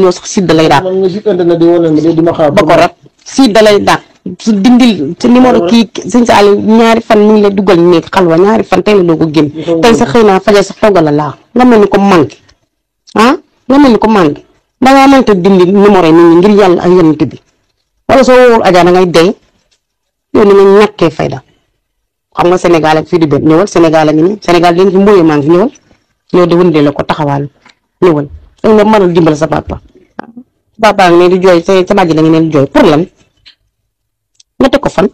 ñëw sax siit da lay dàq. si internet di wane ne dina xaar. ba ko rab siit da lay dàq su dindil ci numéro kii sëñ Saliou ñaari fan mu ngi lay dugal nekk xalwa ñaari fan tey la doo ko génn. tey sax xëy naa fajal sax toggal la laa nga mel ni ko manqué ah? nga mel ni ko manqué da ngaa mënta dindi yi nit ngir yàlla ak yonent bi wala soo wóorul Adja da ngay dee yow ni nga ñàkkee fayda xam nga senegal ak fii di benn ñëwal Sénégal ak ñu ne Sénégal dañ fi mbooyee maa ngi ñëwal yow de la dañ ma mënul dimbal sa papa papa ngi ne di sa sama ji la ngi ne di jooy pour lan nga teg ko fan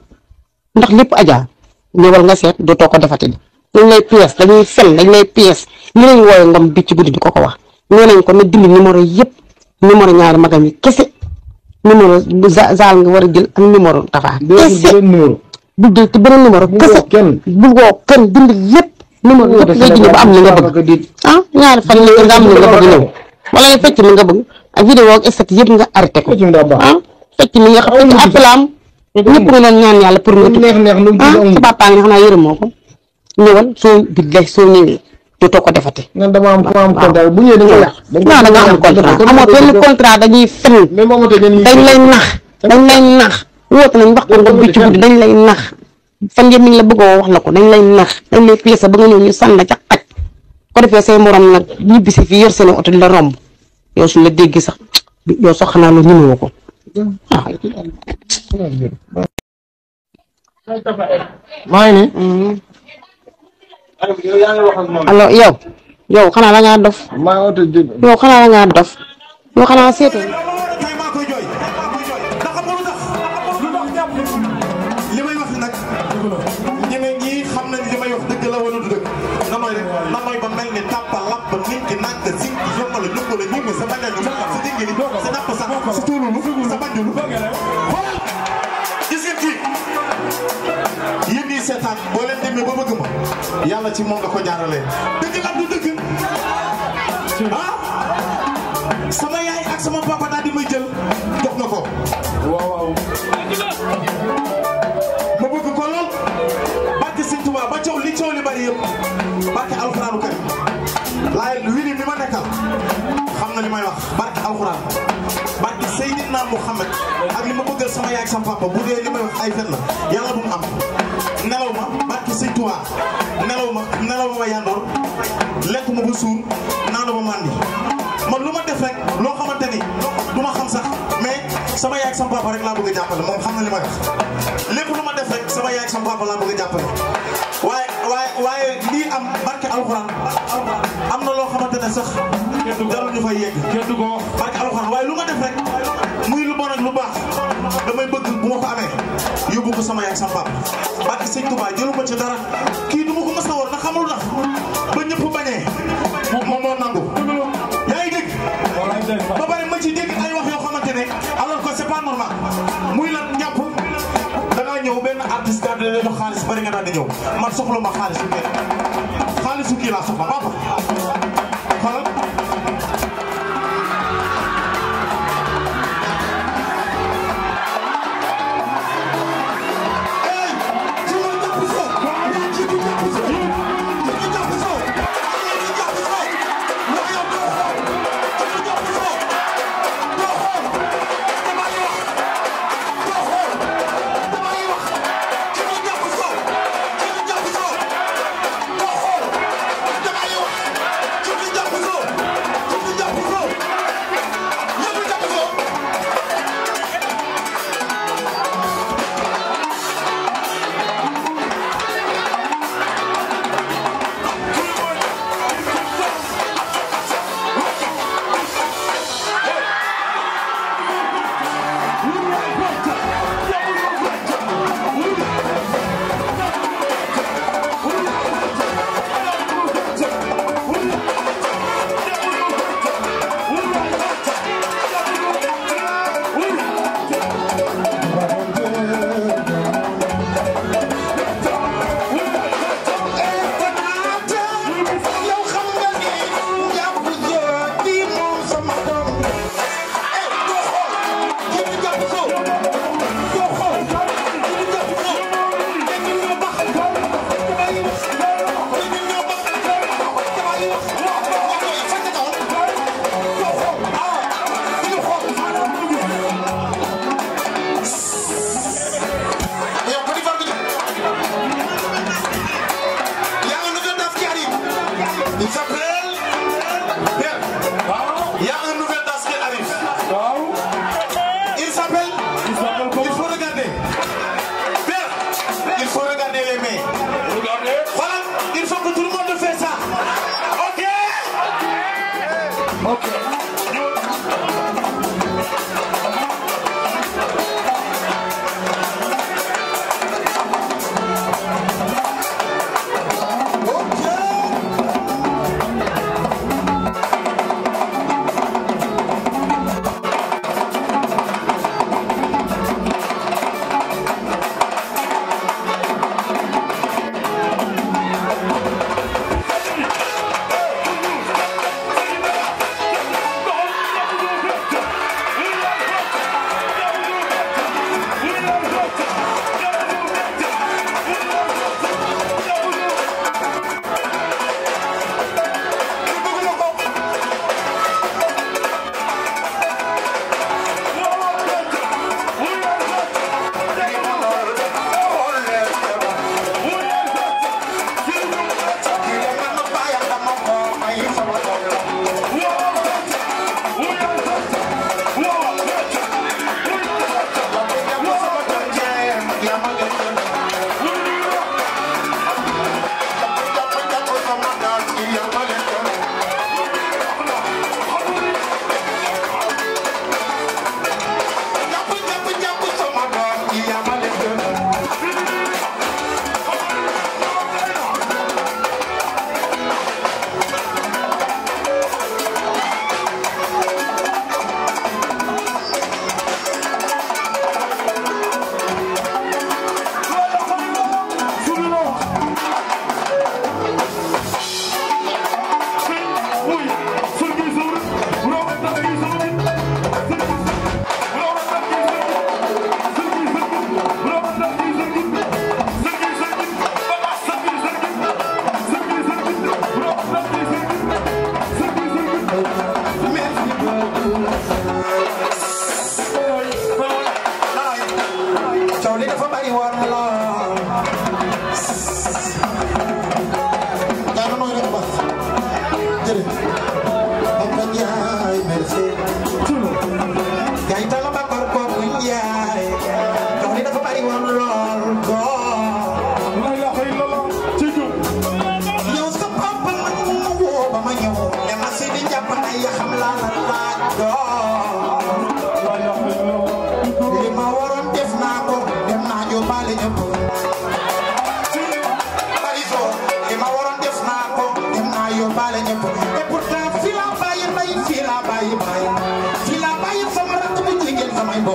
ndax lépp aja ñëwal nga seet dootoo ko defati di dañ lay pièce dañuy fen dañ lay pièce ñu lañ wooye ngom bi ci guddi di ko ko wax nee nañ ko ne dindi numéro yëpp numéro ñaari magam yi kese numéro zaal nga war a jël ak numéro tafa kese bu jël te beneen numéro kese bu woo kenn dindi lépp numéro yëpp ngay jënd ba ah, am li nga bëgg ah ñaari fan yi nga am li nga bëgg ñëw wala yow fecc mi nga bëgg ak vidéo ak statut yëpp nga arrêté ko ah fecc mi nga xam ne appelam ñëpp nga doon ñaan yàlla pour nga tukki ah sa papa nga xam naa yërëmoo ko ñëwal soo billahi soo ñëwee dootoo ko defati. waaw waaw dama am contrat bu ñëwee da nga yàq. da nga am contrat amoo benn contrat dañuy fen dañ lay nax dañ lay nax wóot nañ wax ko nga bi ci guddi dañ lay nax fan yëpp mi ngi la bëggoo wax la ko dañ lay nax dañ lay pièce ba nga ñëw ñu sànn ca xaj ko defee say morom nag ñibbi si fii yor seen oto la romb yow suñ la déggee sax yow sax xanaa loolu ñëwoo ko waaw. Mm-hmm. yow yow xanaa la ngaa dof. yow xanaa la dof yow xanaa seetoo xeeb na ba bëgg ma yàlla ci moom nga ko jaaralee dëgg la du dëgg ah sama yaay ak sama papa daal di may jël jox na ko waaw waaw ma bëgg ko lool barke Sëñ Tuubaa ba coow li coow li bari yëpp barke alxuraanu karim laay wili mi ma nekkal xam na li may wax barke alxuraan barke Seydina Muhammad ak li ma bëggal sama yaay ak sama papa bu dee li may wax ay fen la yàlla bu mu am Touba nelaw ma nelaw ma yandoor lekk ma ba suur naanu ma màndi man lu ma def rek loo xamante ni du ma xam sax mai sama yaay ak sama papa laa bëgg a jàppale moom xam na ma def lu ma def rek sama yaay ak sama papa laa bëgg a jàppale waaye waaye waaye lii am barke alxuraan am na loo xamante ne sax jarul ñu fay yegg barke alxuraan waaye lu ma def rek muy lu bon ak lu baax damay bëgg bu ma ko amee du sama yaay sama baam barke sëñ Touba jëlu ma ci dara kii du ma ko a war na xamul ndax ba ñëpp bañee moom moo nangu yaa ngi dégg ba pare ma ci dégg ay wax yoo xamante ne alors que c'est pas normal muy lan ñàpp da ngaa ñëw benn artiste daal di la jox xaalis bari nga daal di ñëw man soxla ma xaalis bu kii xaalisu kii laa soxla papa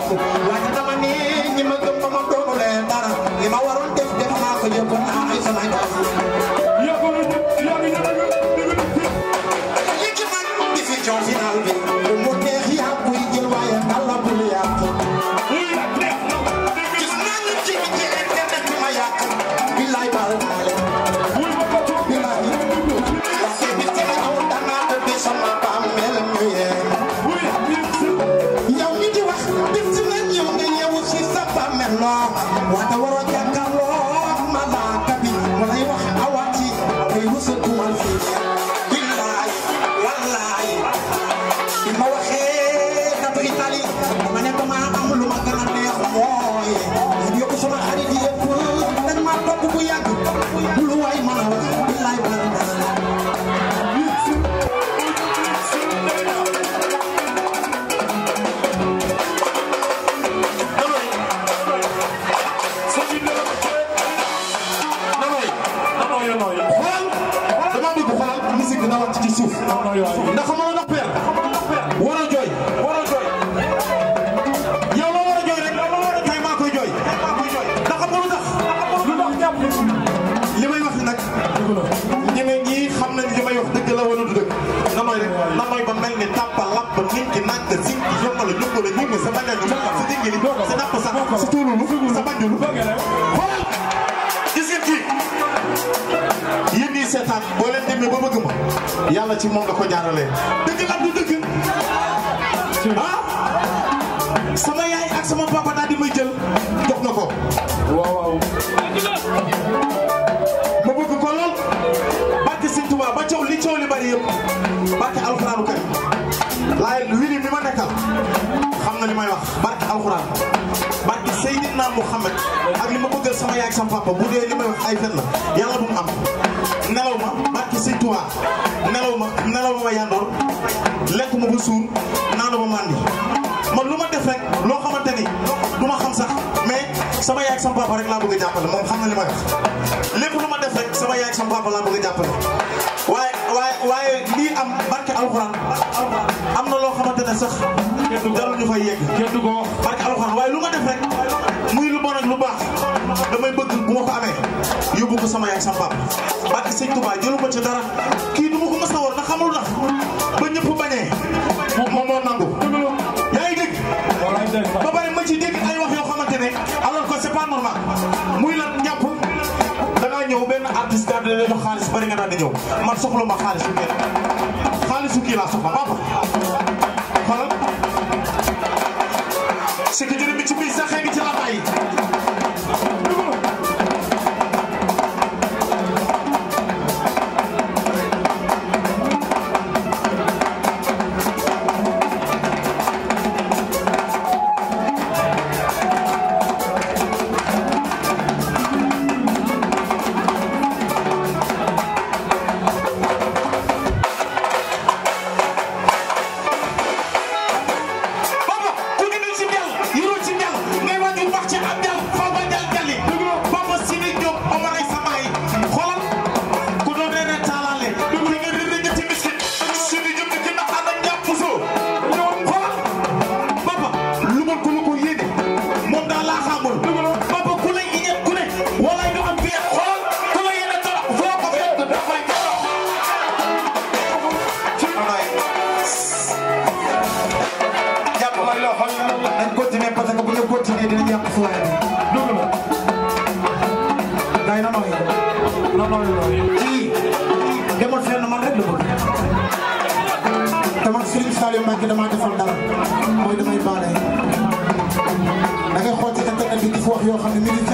Like jëli sa napp sa sa tuululu sa bàjjulu xoolal gis bëgg ma yàlla ci moom nga ko jaaralee dëgg la du dëgg ah sama yaay ak sama papa daal di may jël jox na ko ma bëgg ko lool barke Sëñ Tuubaa ba coow li coow li bari yëpp barke alxuraanu karim laay ma nekkal xam na li may wax barke alxuraan barke Seydina Muhammad ak li ma bëggal sama yaay ak sama papa bu dee li may wax ay fen la yàlla bu mu am nelaw ma barke Sëñ Tuubaa nelaw ma nelaw ma yandoor lekk ma ba suur naanu ma màndi man lu ma def rek loo xamante ni du ma xam sax mais sama yaay ak sama papa rek laa bëgg a jàppale moom xam na li may wax lépp lu ma def rek sama yaay ak sama papa laa bëgg a jàppale waaye waaye waaye lii am barke alxuraan am na loo xamante ne sax jarul ñu fay yegg kenn du ko wax barke alxuraan waaye lu ma def rek muy lu bon ak lu baax damay bëgg bu ma ko amee yóbbu ko sama yaay sama papa barke sëñ Touba jëlu ko kii du ma ko mës a war na xamul ndax ba ñëpp bañee moom moo nangu yaa ngi dégg ba pare ma ci dégg ay wax yoo xamante ne alors que c'est pas normal muy lan da ngaa ñëw benn artiste daal di ñëw man soxla ma xaalis bu kenn xaalisu kii laa soxla Sekreterim için bir izah kaybı çalan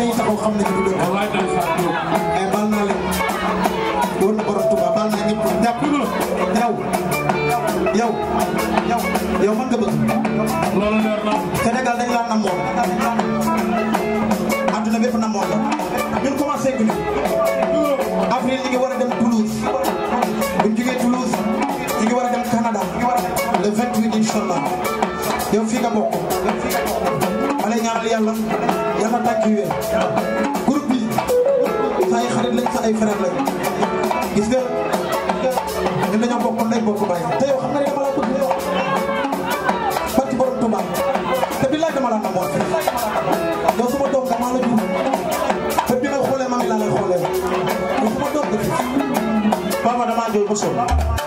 ñu wax saxoo xam nañu lu dëgg. wallaay daal sax dëgg. mais baal naa leen doon na borom Tuuba baal naa ñëpp ñàpp yow yow yow yow man nga bëgg. loolu leer namoon. adduna bépp namoon la. ñun commencé guñu. avril ñu ngi war a dem Toulouse. bu ñu jugee Toulouse ñu war a dem Canada. le 28 incha allah yow fii nga bokk. ma lay évacuer groupe bi sa xarit lañ sa ay frère lañ gis nga ñun dañoo bokk ndey bokk baay te yow xam nga ne la bëgg yow barki borom Touba te bi laaj dama la namoon yow suma doom dama la jur te bi nga xoolee ma ngi laa lay xoolee fi baba dama jooy ba sonn